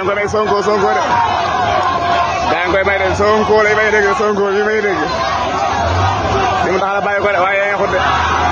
daañu ko may Sonko Sonko de daañu koy may de Sonko lay may dégg Sonko bi may dégg li mu tax a bàyyi ko de waaye yaa ngi xut de.